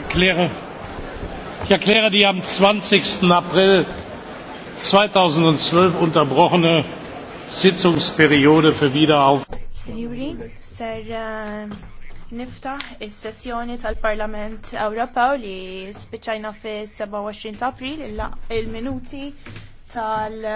Erkläre, ich erkläre die am 20. April 2012 unterbrochene Sitzungsperiode für Wiederauf. Signori, ser eh, niftaħ is-sessjoni tal-Parlament Ewropew li spiċċajna fi 27 ta' April il-minuti tal-